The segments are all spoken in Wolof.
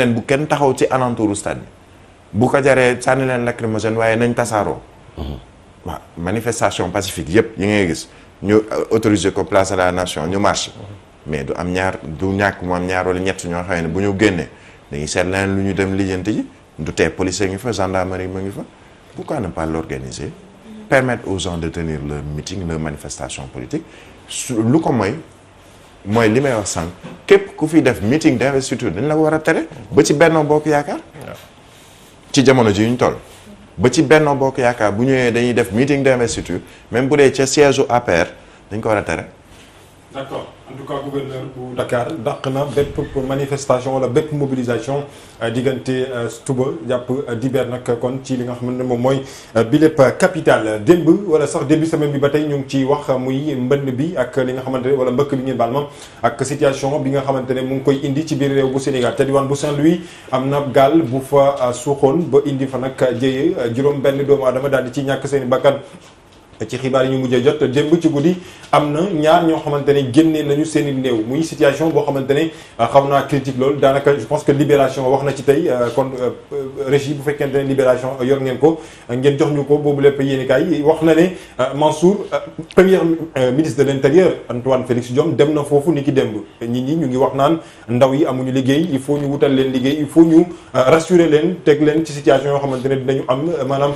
leen bu kenn taxaw ci alentouru stade bu ko jaree sànni leen lacrymogène waaye nañ tasaaroo mhm. waaw manifestation pacifique yëpp yi ngay gis ñu euh, autorisé ko place à la nation ñu marche mhm. mais du am ñaar du ñàkk mu am ñaar wala ñett ñoo xam ne bu ñu génnee dañuy seet leneen lu ñu dem lijjanti ji du tee police ngi fa gendarmerie ma ngi fa pourquoi ne pas l'organiser mhm. permettre aux gens de tenir leur meeting leur manifestation politique lu ko moy mooy li may wax sànq képp ku fi def meeting d'investiture dañ la ko war a tere ba ci Benno Bokk Yaakaar ci jamono ji ñu toll ba ci Benno Bokk Yaakaar bu ñëwee dañuy def meeting d'investiture même bu dee ca siège u APR dañ ko war a tere D'accord. en tout cas gouverneur bu Dakar dàq na bépp manifestation wala bépp mobilisation euh, diggante euh, suba jàpp euh, dibeer nag kon ci li nga xam mom moy mooy bi lépp capital demb wala sax début semaine bi batay ñu ci wax muy mbënn bi ak li nga xamante wala mbëkk bi ñu bal mom ak situation bi nga xamante mu ngi koy indi ci biir réew bu Sénégal te diwaan bu Saint-Louis am na gaal bu fa suuxoon ba indi fa nak jëyee juroom benn doomu aadama dal ci ñak seen bakkan ci xibaar yi ñu mujjee jot démb ci guddi am na ñaar ñoo xamante ne génnee nañu seen i néew muy situation boo xamante ne euh, xaw naa critique loolu daanaka je pense que libération wax na ci tey euh, kon euh, régie bu fekkente ne libération yor ngeen ko ngeen jox ñu ko boobu lépp yéen kaay wax na ne Mansour premier ministre de l' intérieur Antoine Félix Diome dem na foofu ni ki démb nit ñi ñu ngi wax naan ndaw yi amuñu liggéey il faut ñu wutal leen liggéey il faut ñu rassurer leen teg leen ci situation yoo xamante ne dinañu am maanaam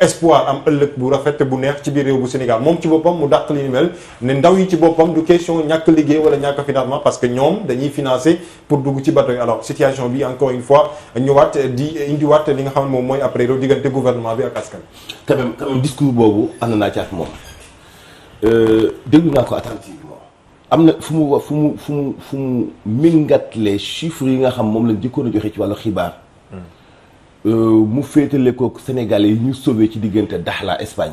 espoir am ëllëg bu rafet bu neex ci biir bu Sénégal moom ci boppam mu dàq li ni mel ne ndaw yi ci boppam du question ñàkk liggéey wala ñàkk parce que ñoom dañuy financer pour dugg ci bateau alors situation bi encore une fois nous di dit, li nga xam ne moom après après réew diggante gouvernement bi ak askan quand même quand même discours boobu ànd naa ci ak moom euh, déglu ko attentivement am na fu mu fu mingat les chiffres yi nga xam moom lañ jëkkoon a joxe ci wàllu xibaar hmm. euh, mu féetale ko Sénégalais yi ñu sauvé ci diggante Espagne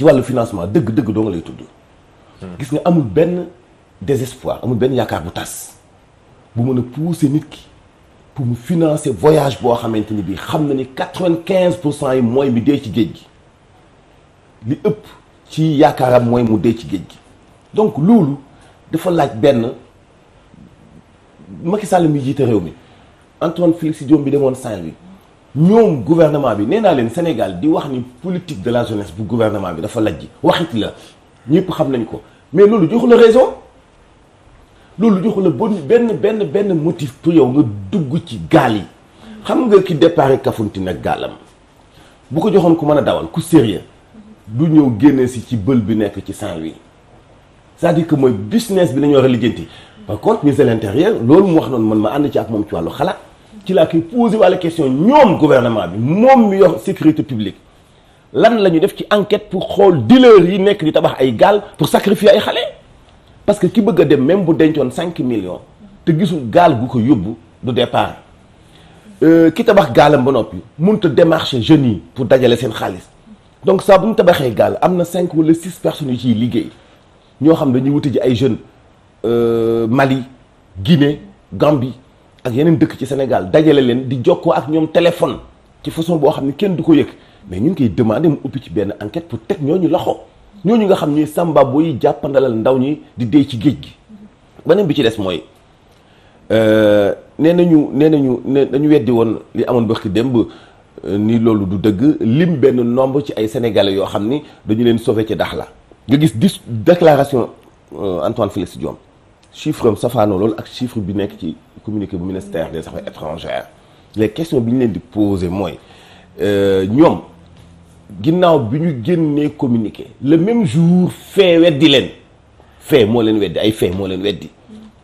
vois le financement deug deug do nga lay tudd. gis nga amul ben désespoir amul ben yakar bu tass bu meuna pousser nit ki pour mu financer voyage bo xamanteni bi xamna ni 95% vingt quinze pour yi mooy mu dee ci géej gi li ëpp ci yakaram moy mu de ci géej gi donc loolu dafa laaj ben Macky Sall mi jiite réew mi Antoine Félix Diom bi demone Saint-Louis ñoom gouvernement bi nee Sénégal di ni politique de la jeunesse bu gouvernement bi dafa lajji waxit la ñëpp xam nañ ko mais loolu joxu une raison loolu joxu le bon benn benn motif pour yow nga dugg ci gaal yi xam nga ki départ gaalam bu ko joxoon ku mën a ku sérieux du ñëw génne si ci bël bi Saint-Louis c'est-à-dire que business bi par contre l'intérieur loolu mu wax noonu man ma ànd ci ak qui a posé la question, nous, gouvernement, nous, la sécurité publique, nous avons fait une enquête pour voir les dealers qui sont tabac Gal pour sacrifier les gens. Parce que qui veut dire, même si vous 5 millions, tu as un gal qui est au de départ. Qui euh, tabac gal est un bon homme, il démarche jeune pour dégager laisser Khalis. Donc, ça, vous tabac égal, il y a 5 ou 6 personnes qui sont liées. Nous avons des jeunes euh, Mali, Guinée, Gambie. ak yeneen dëkk ci Sénégal dajale leen di jokkoo ak ñoom téléphone ci façon boo xam ne kenn du ko yëg mais ñu ngi koy demandé mu ubbi ci benn enquête pour teg ñooñu loxo ñu nga xam ñuy samba booy jàppandalal ndaw ñi di dee ci géej gi. beneen bi ci des mooy euh, nee nañu nee nañu ne dañu weddi woon li amoon ba démb euh, ni loolu du dëgg lim benn nombre ci ay sénégalais yoo xam ni dañu leen sauvé ci dax la nga gis dis déclaration euh, Antoine si Diome. chiffre safano lol ak chiffre bi nek ci communiqué bu ministère des affaires étrangères les questions bi len di poser moy euh ñom ginnaw biñu génné communiqué le même jour fait wéddi len fait mo len wéddi ay fait mo len wéddi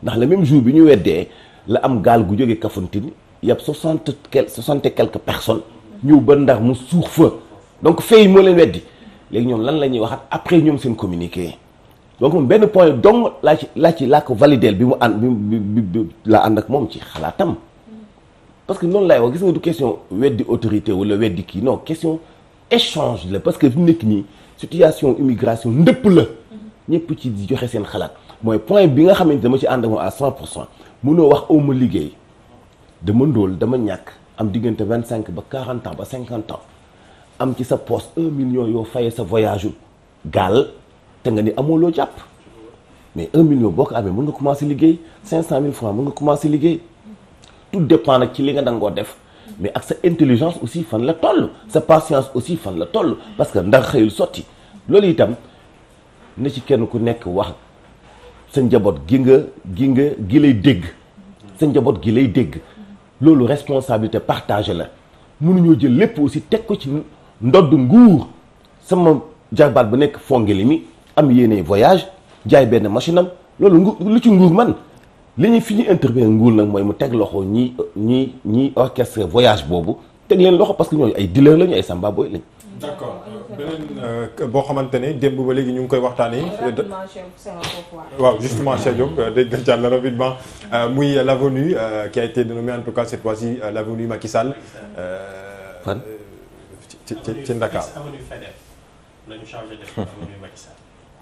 ndax le même jour biñu wéddé la am gal gu jógee Kafountine yab 60 quel soixante quelques personnes ñëw ba ndax mu suux donc fait mo len wéddi weddi ñom lan lañuy waxat après ñom seen communiqué donc ben point donc la ci la ci ko validel bi la and bi bi ak mom ci xalaatam parce que non lay wax gis nga du question weddi autorité wala weddi ki non question échange le parce que fi mu situation immigration ndëpp la ñëpp ci joxe sen xalaat moy point bi nga xamantene ma ci and ak à cent pour cent mënoo wax awma oh, liggéey dama ndóol dama ñak am diggante 25 ba 40 ans ba 50 ans am ci sa poste un million yo fayé sa voyage gal te nga ni amoo loo mais un million boo amé mën nga commencer liggéey cinq cent mille francs mën nga commencer liggéey tout dépend nak ci li nga dangoo def mais ak sa intelligence aussi fan la toll sa patience aussi fan la toll parce que ndax xeyul soti loolu itam na ci kenn ku nekk wax sa njaboot gi nga gi nga gi lay dégg sa njaboot gi lay dégg loolu responsabilité partagée la mënuñoo jël lépp aussi teg ko ci ndodd nguur sama jarbaat bu nekk fongeli mi am yéene voyage jaay benn machine am loolu lu ci nguur man li ñu fi ñu intervenir nguur nag mooy mu teg loxo ñi ñi ñi orchestre voyage boobu teg leen loxo parce que ñooñu ay dileur lañu ay samba boy lañ. d'accord beneen euh, boo xamante ne démb ba léegi ñu ngi koy waxtaanee. waaw justement Cheikh Diop euh, dégg nga jàll rapidement euh, muy l'avenue qui a été dénommée en tout cas cette fois-ci l'avenue Macky Sall. fan ci ci ci Ndakaar. avenue Faidherbe lañu changé def avenue Macky Sall.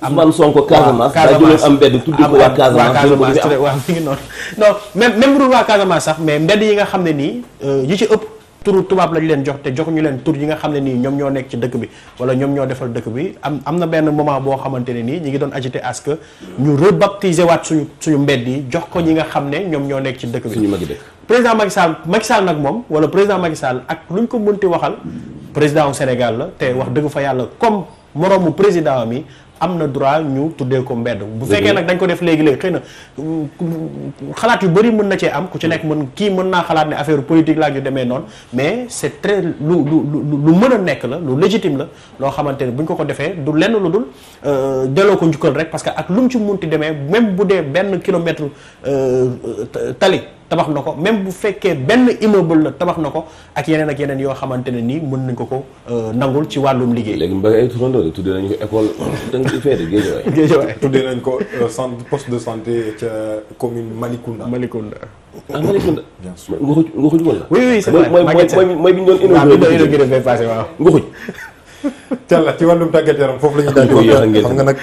am mbedd tudd ko waa Casamance waaw mi ngi noonu non même même budul waa sax mais mbedd yi nga xam ne nii euh, yi ci ëpp tour tubaab lañu leen jox te joxuñu leen tour yi nga xam ne nii ñoom ñoo nekk ci dëkk bi wala ñoom ñoo defal dëkk bi am am na benn moment boo xamante ne nii ñu ngi doon agité à que ñu rebaptiser waat suñu suñu mbedd yi jox ko ñi nga xam ne ñoom ñoo nekk ci dëkk bi président Macky Sall Macky Sall nag moom wala président Macky Sall ak luñ ko mënti waxal président Sénégal la te wax dëgg fa yàlla comme moroomu président am am na droit ñu tuddee ko mbedd bu fekkee nag dañ ko def léegi-léegi xëy na xalaat yu bëri mën na cee am ku ci hmm. nekk mën kii mën naa xalaat ne affaire politique laa ñu demee noonu mais c'est très lu lu lu mën a nekk la lu légitime la loo xamante ne bu ñu ko ko defee du lenn lu dul euh, delloo ko njukkal rek parce que ak lu mu ci munti demee même bu dee benn kilomètre euh, tali tabax na ko même bu fekkee benn immeuble la tabax na ko ak yeneen ak yeneen yoo xamante ne nii mën nañ ko ko euh, nangul ci wàllum liggéey. léegi ba ay turandoo tuddee nañ ko école danga feete Géejawaay. Géejawaay tuddee nañ ko euh, centre poste de santé ca commune Malikounda. Malikounda. ah na. oui oui c'est vrai mooy mooy mooy bi ñu doon inauguré. waaw bi ñu doon inauguré passé waaw Nguxuj. Thiel ci wàllum tàggat yaram foofu la ñuy daal di wax nga nag.